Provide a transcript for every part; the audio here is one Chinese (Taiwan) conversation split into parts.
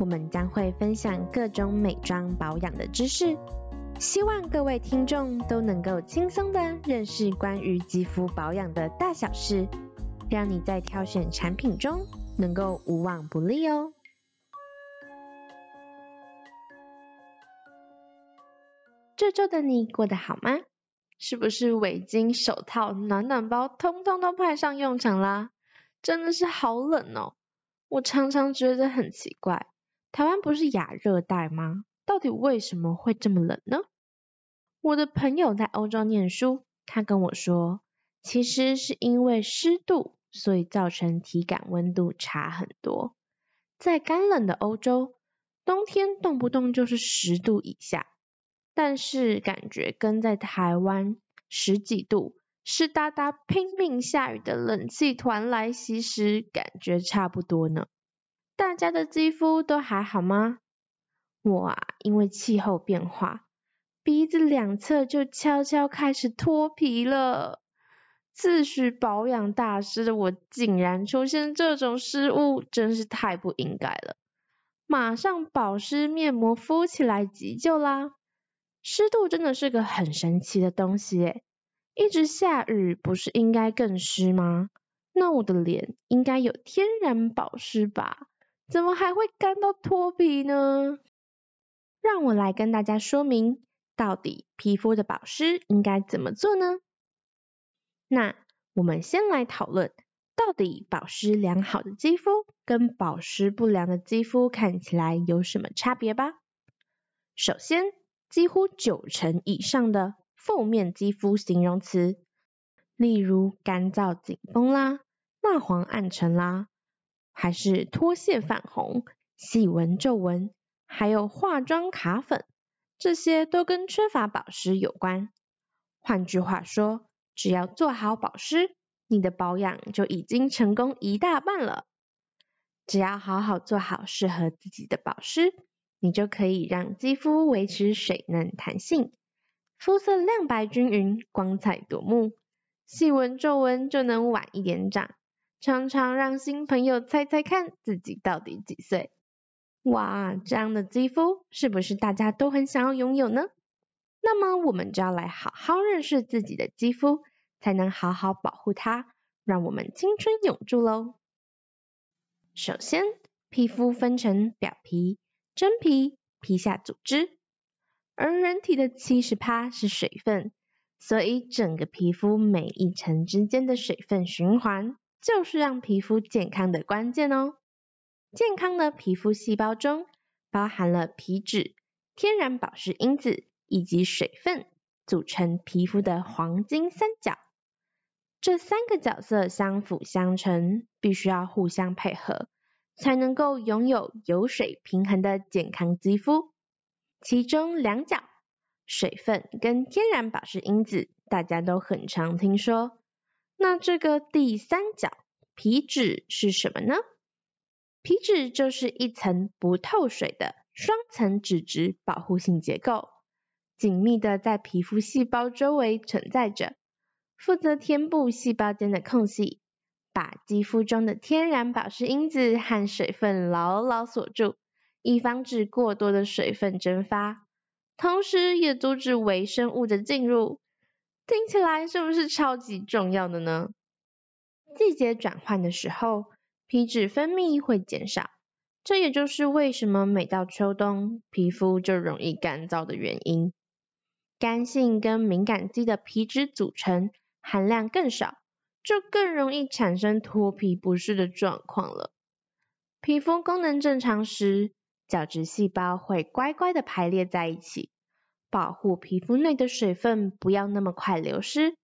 我們將會分享各種美妝保養的知識，希望各位聽眾都能夠輕鬆的認識關於肌膚保養的大小事，讓你在挑選產品中能夠無往不利哦。這周的你過得好嗎？是不是圍巾、手套、暖暖包通通都派上用場啦啊？真的是好冷哦！我常常覺得很奇怪。台灣不是亞熱帶嗎？到底為什麼會這麼冷呢？我的朋友在歐洲念書，他跟我說，其實是因為濕度，所以造成體感溫度差很多。在乾冷的歐洲，冬天動不動就是十度以下，但是感覺跟在台灣十幾度、濕噠噠、拼命下雨的冷氣團來襲時，感覺差不多呢。大家的肌膚都還好嗎？我啊，因為氣候變化，鼻子兩側就悄悄開始脫皮了。自詡保養大師的我，竟然出現這種失誤，真是太不應該了。馬上保濕面膜敷起來急救啦！濕度真的是個很神奇的東西誒，一直下雨不是應該更濕嗎？那我的臉應該有天然保濕吧？怎麼還會乾到脫皮呢？讓我來跟大家說明，到底皮膚的保濕應該怎麼做呢？那我們先來討論，到底保濕良好的肌膚跟保濕不良的肌膚看起來有什麼差別吧。首先，幾乎九成以上的負面肌膚形容詞，例如乾燥、緊繃啦，蠟黃、暗沉啦。還是脫屑泛紅、細紋皺紋，還有化妝卡粉，這些都跟缺乏保濕有關。換句話說，只要做好保濕，你的保養就已經成功一大半了。只要好好做好適合自己的保濕，你就可以讓肌膚維持水嫩彈性，膚色亮白均勻、光彩奪目，細紋皺紋就能晚一點長。常常讓新朋友猜猜看自己到底幾歲？哇，這樣的肌膚是不是大家都很想要擁有呢？那麼我們就要來好好認識自己的肌膚，才能好好保護它，讓我們青春永駐嘍。首先，皮膚分成表皮、真皮、皮下組織，而人體的70%是水分，所以整個皮膚每一層之間的水分循環。就是讓皮膚健康的關鍵哦。健康的皮膚細胞中包含了皮脂、天然保濕因子以及水分，組成皮膚的黃金三角。這三個角色相輔相成，必須要互相配合，才能夠擁有油水平衡的健康肌膚。其中兩角，水分跟天然保濕因子，大家都很常聽說。那這個第三角皮脂是什麼呢？皮脂就是一層不透水的雙層脂質保護性結構，緊密的在皮膚細胞周圍存在着，負責填補細胞間的空隙，把肌膚中的天然保濕因子和水分牢牢鎖住，以防止過多的水分蒸發，同時也阻止微生物的進入。聽起來是不是超級重要的呢？季節轉換的時候，皮脂分泌會減少，這也就是為什麼每到秋冬，皮膚就容易乾燥的原因。乾性跟敏感肌的皮脂組成含量更少，就更容易產生脫皮不適的狀況了。皮膚功能正常時，角質細胞會乖乖地排列在一起。保護皮膚內的水分不要那麼快流失，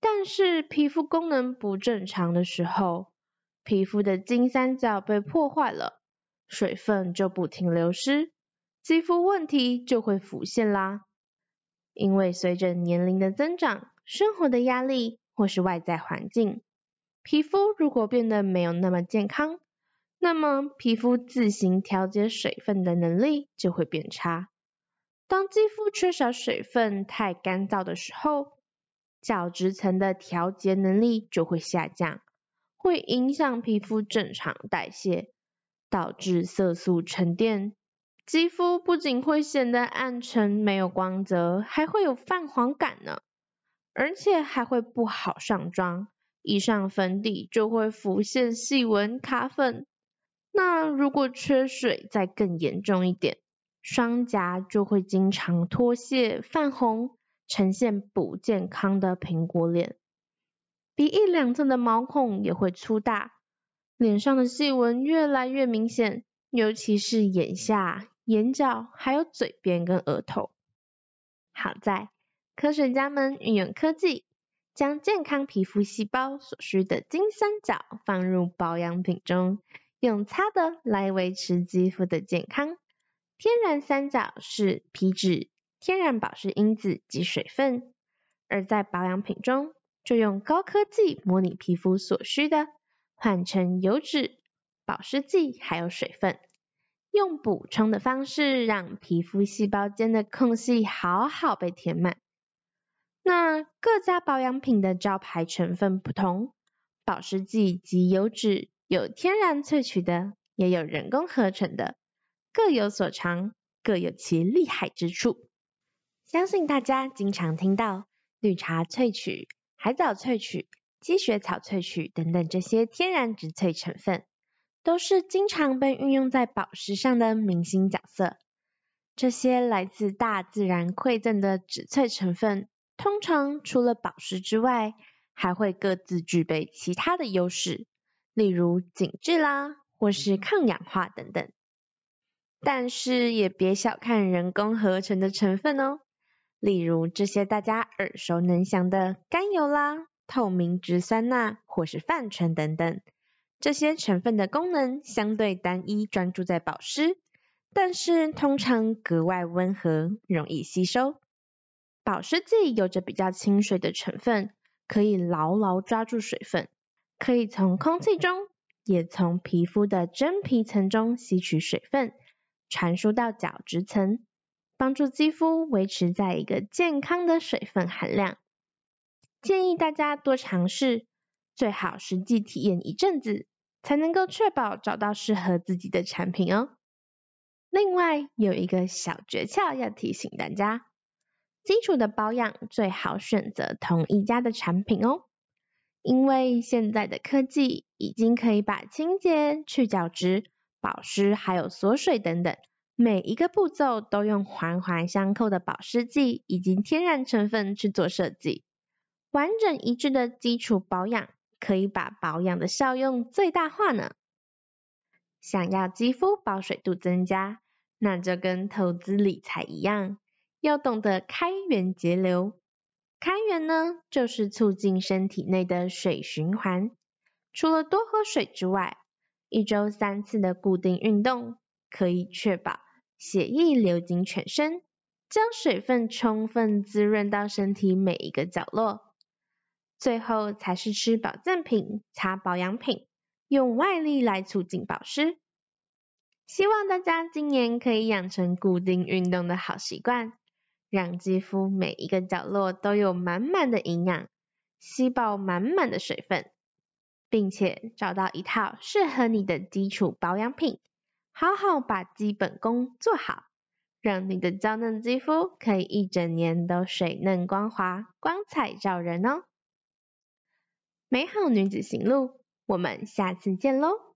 但是皮膚功能不正常的時候，皮膚的金三角被破壞了，水分就不停流失，肌膚問題就會浮現啦。因為隨着年齡的增長、生活的壓力或是外在環境，皮膚如果變得沒有那麼健康，那麼皮膚自行調節水分的能力就會變差。當肌膚缺少水分、太乾燥的時候，角質層的調節能力就會下降，會影響皮膚正常代謝，導致色素沉澱，肌膚不僅會顯得暗沉、沒有光澤，還會有泛黃感呢。而且還會不好上妝，一上粉底就會浮現細紋、卡粉。那如果缺水再更嚴重一點。雙頰就會經常脫屑、泛紅，呈現不健康的蘋果臉。鼻翼兩側的毛孔也會粗大，臉上的細紋越來越明顯，尤其是眼下、眼角，還有嘴邊跟額頭。好在科學家們運用科技，將健康皮膚細胞所需的金三角放入保養品中，用擦的來維持肌膚的健康。天然三角是皮脂、天然保濕因子及水分，而在保養品中，就用高科技模擬皮膚所需的，換成油脂、保濕劑還有水分，用補充的方式讓皮膚細胞間的空隙好好被填滿。那各家保養品的招牌成分不同，保濕劑及油脂有天然萃取的，也有人工合成的。各有所長，各有其厲害之處。相信大家經常聽到綠茶萃取、海藻萃取、積雪草萃取取等等這些天然植萃成分，都是經常被運用在保濕上的明星角色。這些來自大自然饋贈的植萃成分，通常除了保濕之外，還會各自具備其他的優勢，例如緊緻啦，或是抗氧化等等。但是也別小看人工合成的成分哦，例如這些大家耳熟能詳的甘油啦、透明質酸鈉、啊、或是泛醇等等，這些成分的功能相對單一，專注在保濕，但是通常格外溫和，容易吸收。保濕劑有着比較親水的成分，可以牢牢抓住水分，可以從空氣中，也從皮膚的真皮層中吸取水分。傳輸到角質層，幫助肌膚維持在一個健康的水分含量。建議大家多嘗試，最好實際體驗一陣子，才能夠確保找到適合自己的產品哦。另外有一個小訣竅要提醒大家，基礎的保養最好選擇同一家的產品哦，因為現在的科技已經可以把清潔、去角質、保濕還有鎖水等等，每一個步驟都用環環相扣的保濕劑以及天然成分去做設計，完整一致的基礎保養，可以把保養的效用最大化呢。想要肌膚保水度增加，那就跟投資理財一樣，要懂得開源節流。開源呢，就是促進身體內的水循環，除了多喝水之外，一週三次的固定運動，可以確保血液流經全身，將水分充分滋潤到身體每一個角落。最後才是吃保健品、擦保養品，用外力來促進保濕。希望大家今年可以養成固定運動的好習慣，讓肌膚每一個角落都有滿滿的營養，吸飽滿滿的水分。並且找到一套適合你的基礎保養品，好好把基本功做好，讓你的嬌嫩肌膚可以一整年都水嫩光滑、光彩照人哦！美好女子行路，我們下次見嘍！